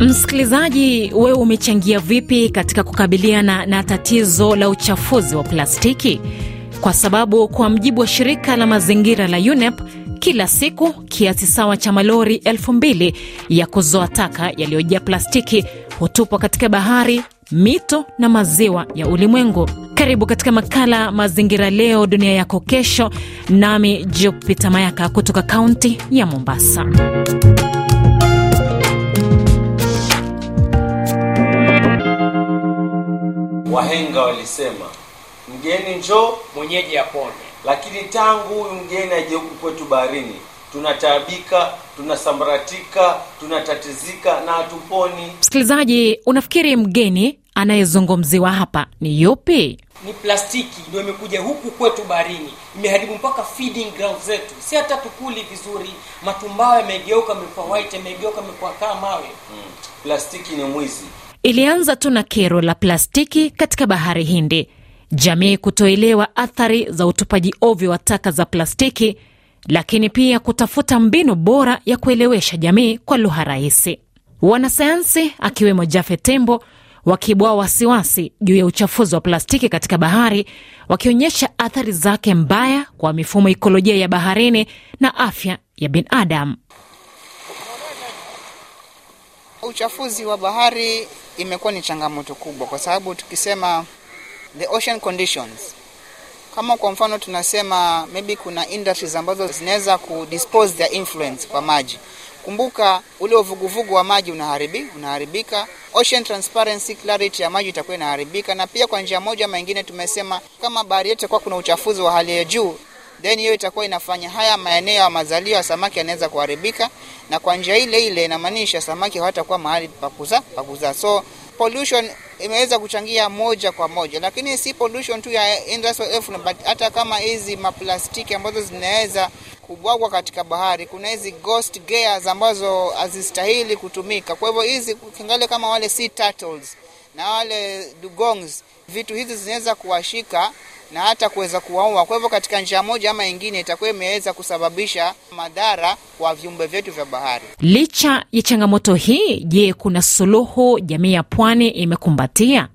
Msikilizaji, wewe umechangia vipi katika kukabiliana na tatizo la uchafuzi wa plastiki? Kwa sababu kwa mjibu wa shirika la mazingira la UNEP, kila siku kiasi sawa cha malori elfu mbili ya kuzoa taka yaliyojaa plastiki hutupwa katika bahari mito na maziwa ya ulimwengu. Karibu katika makala Mazingira Leo Dunia Yako Kesho, nami Jupita Mayaka kutoka kaunti ya Mombasa. Wahenga walisema mgeni njoo mwenyeji apone, lakini tangu huyu mgeni ajeuku kwetu baharini tunataabika, tunasambaratika, tunatatizika na hatuponi. Msikilizaji, unafikiri mgeni anayezungumziwa hapa ni yupi? Ni plastiki ndio imekuja huku kwetu barini imeharibu mpaka feeding ground zetu, si hata tukuli vizuri. matumbao yamegeuka amekuwa white, yamegeuka kaa mawe. hmm. Plastiki ni mwizi. Ilianza tu na kero la plastiki katika bahari Hindi, jamii kutoelewa athari za utupaji ovyo wa taka za plastiki lakini pia kutafuta mbinu bora ya kuelewesha jamii kwa lugha rahisi. Wanasayansi akiwemo Jafe Tembo wakibwaa wasiwasi juu ya uchafuzi wa plastiki katika bahari, wakionyesha athari zake mbaya kwa mifumo ikolojia ya baharini na afya ya binadamu. Uchafuzi wa bahari imekuwa ni changamoto kubwa, kwa sababu tukisema the ocean conditions kama kwa mfano tunasema maybe kuna industries ambazo zinaweza kudispose their influence kwa maji. Kumbuka ule uvuguvugu wa maji unaharibi, unaharibika. Ocean transparency clarity ya maji itakuwa inaharibika, na pia kwa njia moja mengine tumesema kama bahari yetu kwa kuna uchafuzi wa hali ya juu, then hiyo itakuwa inafanya haya maeneo ya mazalio ya samaki yanaweza kuharibika, na kwa njia ile ile inamaanisha samaki hawatakuwa mahali pa kuzaa. So pollution imeweza kuchangia moja kwa moja, lakini si pollution tu ya industrial effluent, but hata kama hizi maplastiki ambazo zinaweza kubwagwa katika bahari, kuna hizi ghost gears ambazo hazistahili kutumika. Kwa hivyo hizi ukiangalia kama wale sea turtles na wale dugongs, vitu hizi zinaweza kuwashika na hata kuweza kuwaua. Kwa hivyo katika njia moja ama nyingine itakuwa imeweza kusababisha madhara kwa viumbe vyetu vya bahari. Licha ya changamoto hii, je, kuna suluhu jamii ya pwani imekumbatia?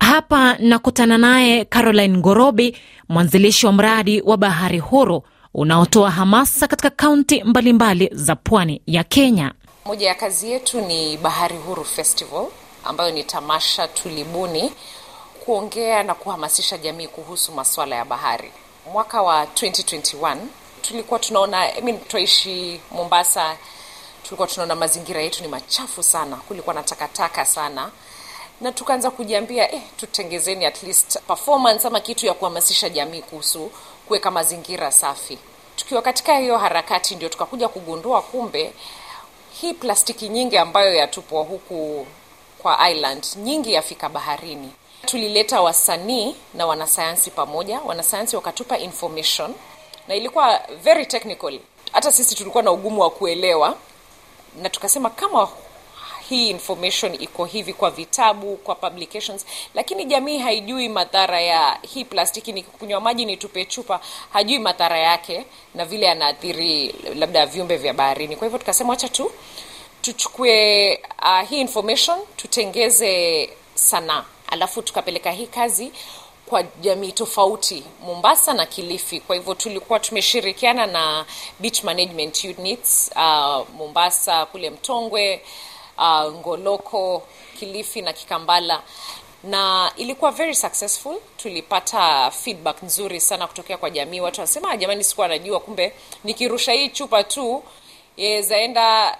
Hapa nakutana naye Caroline Ngorobi, mwanzilishi wa mradi wa Bahari Huru unaotoa hamasa katika kaunti mbalimbali za pwani ya Kenya. Moja ya kazi yetu ni Bahari Huru Festival ambayo ni tamasha tulibuni kuongea na kuhamasisha jamii kuhusu masuala ya bahari. Mwaka wa 2021 tulikuwa tunaona I mean, twaishi Mombasa, tulikuwa tunaona mazingira yetu ni machafu sana, kulikuwa na takataka sana na tukaanza kujiambia eh, tutengezeni at least performance ama kitu ya kuhamasisha jamii kuhusu kuweka mazingira safi. Tukiwa katika hiyo harakati, ndio tukakuja kugundua kumbe hii plastiki nyingi ambayo yatupwa huku kwa island nyingi yafika baharini. Tulileta wasanii na wanasayansi pamoja, wanasayansi wakatupa information na ilikuwa very technical, hata sisi tulikuwa na ugumu wa kuelewa, na tukasema kama hii information iko hivi kwa vitabu, kwa publications, lakini jamii haijui madhara ya hii plastiki. Ni kunywa maji ni tupe chupa, hajui madhara yake na vile anaathiri labda viumbe vya baharini. Kwa hivyo tukasema wacha tu tuchukue uh, hii information tutengeze sanaa alafu tukapeleka hii kazi kwa jamii tofauti mombasa na kilifi kwa hivyo tulikuwa tumeshirikiana na beach management units uh, mombasa kule mtongwe uh, ngoloko kilifi na kikambala na ilikuwa very successful tulipata feedback nzuri sana kutokea kwa jamii watu wanasema ah, jamani sikuwa najua kumbe nikirusha hii chupa tu yezaenda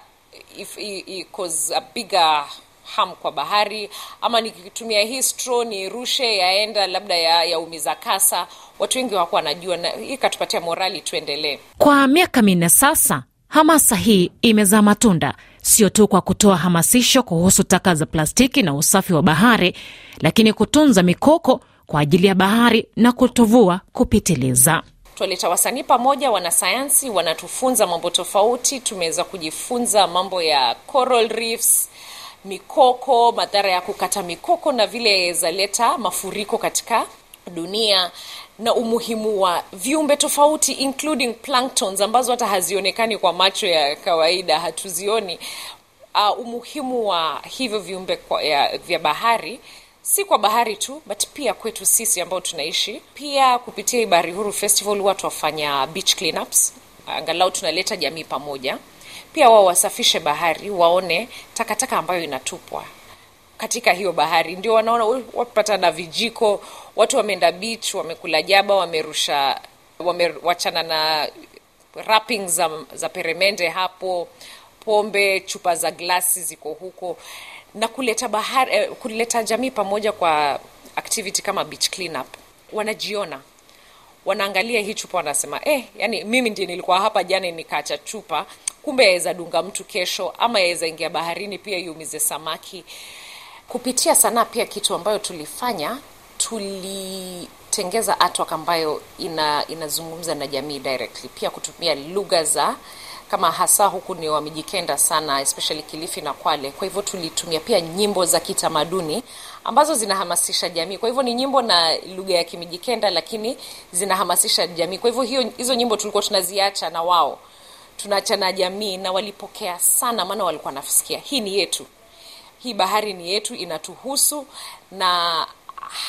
if it cause a bigger harm kwa bahari, ama nikitumia hii stro ni rushe yaenda labda ya, ya umiza kasa. Watu wengi wako wanajua, na hii ikatupatia morali tuendelee. Kwa miaka minne sasa, hamasa hii imezaa matunda, sio tu kwa kutoa hamasisho kuhusu taka za plastiki na usafi wa bahari, lakini kutunza mikoko kwa ajili ya bahari na kutovua kupitiliza twaleta wasanii pamoja, wanasayansi wanatufunza mambo tofauti. Tumeweza kujifunza mambo ya coral reefs, mikoko, madhara ya kukata mikoko na vile yawezaleta mafuriko katika dunia na umuhimu wa viumbe tofauti including ambazo hata hazionekani kwa macho ya kawaida, hatuzioni. Uh, umuhimu wa hivyo viumbe vya bahari si kwa bahari tu but pia kwetu sisi ambao tunaishi pia kupitia Bahari Huru Festival watu wafanya beach cleanups, angalau tunaleta jamii pamoja. Pia wao wasafishe bahari, waone takataka ambayo inatupwa katika hiyo bahari, ndio wanaona wapata na vijiko, watu wameenda beach, wamekula jaba, wamerusha, wamewachana na wrapping za, za peremende hapo, pombe, chupa za glasi ziko huko na kuleta bahari, eh, kuleta jamii pamoja kwa activity kama beach cleanup. Wanajiona, wanaangalia hii chupa, wanasema eh, yani mimi ndiye nilikuwa hapa jana nikaacha chupa, kumbe yaweza dunga mtu kesho, ama yaweza ingia baharini pia iumize samaki. Kupitia sanaa pia, kitu ambayo tulifanya tulitengeza artwork ambayo ina, inazungumza na jamii directly, pia kutumia lugha za kama hasa huku ni wamejikenda sana especially Kilifi na Kwale. Kwa hivyo tulitumia pia nyimbo za kitamaduni ambazo zinahamasisha jamii. Kwa hivyo ni nyimbo na lugha ya Kimijikenda, lakini zinahamasisha jamii. Kwa hivyo hiyo, hizo nyimbo tulikuwa tunaziacha na wao, tunaacha na jamii, na walipokea sana, maana walikuwa nafsikia hii ni yetu, hii bahari ni yetu, inatuhusu na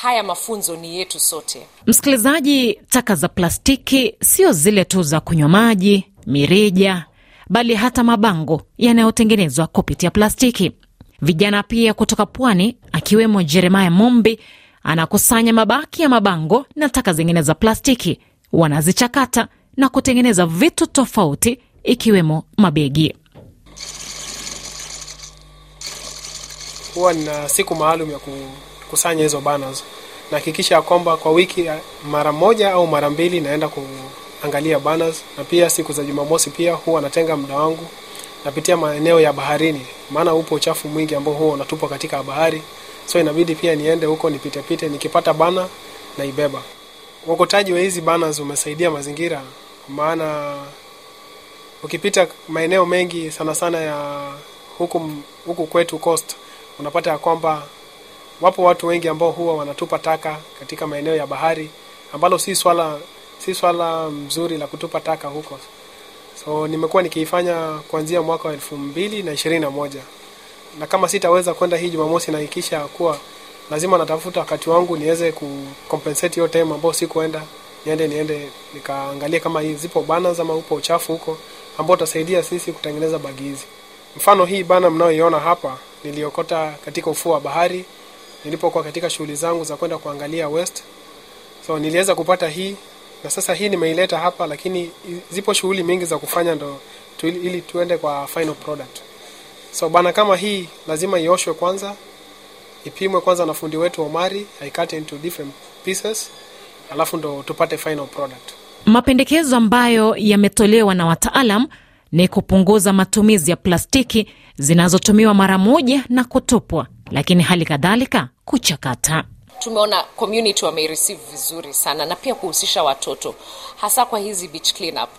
haya mafunzo ni yetu sote. Msikilizaji, taka za plastiki sio zile tu za kunywa maji, mirija bali hata mabango yanayotengenezwa kupitia plastiki. Vijana pia kutoka pwani akiwemo Jeremaya Mombi anakusanya mabaki ya mabango na taka zingine za plastiki, wanazichakata na kutengeneza vitu tofauti ikiwemo mabegi. Huwa nina siku maalum ya kukusanya hizo banners, nahakikisha ya kwamba kwa wiki mara moja au mara mbili naenda angalia banners, na pia siku za Jumamosi pia huwa natenga muda wangu napitia maeneo ya baharini, maana upo uchafu mwingi ambao huwa unatupwa katika bahari, so inabidi pia niende huko nipite pite, nikipata bana ibeba. Uokotaji wa hizi banners umesaidia mazingira, maana ukipita maeneo mengi sana sana ya huku huku kwetu coast, unapata ya kwamba wapo watu wengi ambao huwa wanatupa taka katika maeneo ya bahari, ambalo si swala si swala mzuri la kutupa taka huko. So nimekuwa nikiifanya kuanzia mwaka wa elfu mbili na ishirini na moja na kama sitaweza kwenda hii Jumamosi, naikisha kuwa lazima natafuta wakati wangu niweze kukompensate hiyo time ambao sikuenda, niende niende nikaangalia kama hii zipo bana ama upo uchafu huko ambao utasaidia sisi kutengeneza bagi hizi. Mfano hii bana mnayoiona hapa niliokota katika ufuo wa bahari nilipokuwa katika shughuli zangu za kwenda kuangalia west, so niliweza kupata hii na sasa hii nimeileta hapa, lakini zipo shughuli mingi za kufanya ndo tu, ili tuende kwa final product. So bana, kama hii lazima ioshwe kwanza, ipimwe kwanza na fundi wetu Omari, aikate into different pieces, alafu ndo tupate final product. Mapendekezo ambayo yametolewa na wataalam ni kupunguza matumizi ya plastiki zinazotumiwa mara moja na kutupwa, lakini hali kadhalika kuchakata tumeona community wameireceive vizuri sana na pia kuhusisha watoto hasa kwa hizi beach cleanup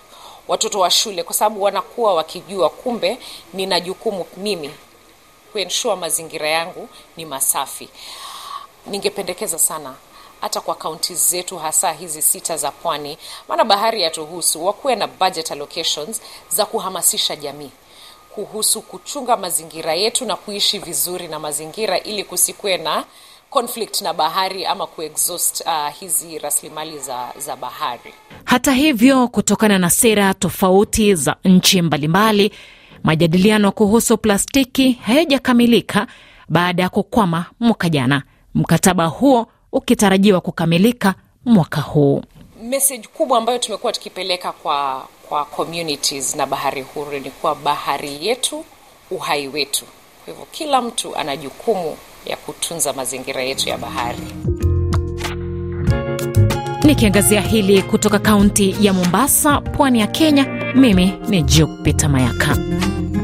watoto wa shule kwa sababu wanakuwa wakijua kumbe nina jukumu mimi kuensure mazingira yangu ni masafi ningependekeza sana hata kwa kaunti zetu hasa hizi sita za pwani maana bahari yatuhusu wakuwe na budget allocations za kuhamasisha jamii kuhusu kuchunga mazingira yetu na kuishi vizuri na mazingira ili kusikwe na conflict na bahari ama kuexhaust uh, hizi rasilimali za, za bahari. Hata hivyo, kutokana na sera tofauti za nchi mbalimbali, majadiliano kuhusu plastiki hayajakamilika baada ya kukwama mwaka jana, mkataba huo ukitarajiwa kukamilika mwaka huu. Message kubwa ambayo tumekuwa tukipeleka kwa, kwa communities na bahari huru ni kuwa bahari yetu, uhai wetu. Kwa hivyo kila mtu ana jukumu ya kutunza mazingira yetu ya bahari. Nikiangazia hili kutoka kaunti ya Mombasa, pwani ya Kenya, mimi ni Jupita Mayaka.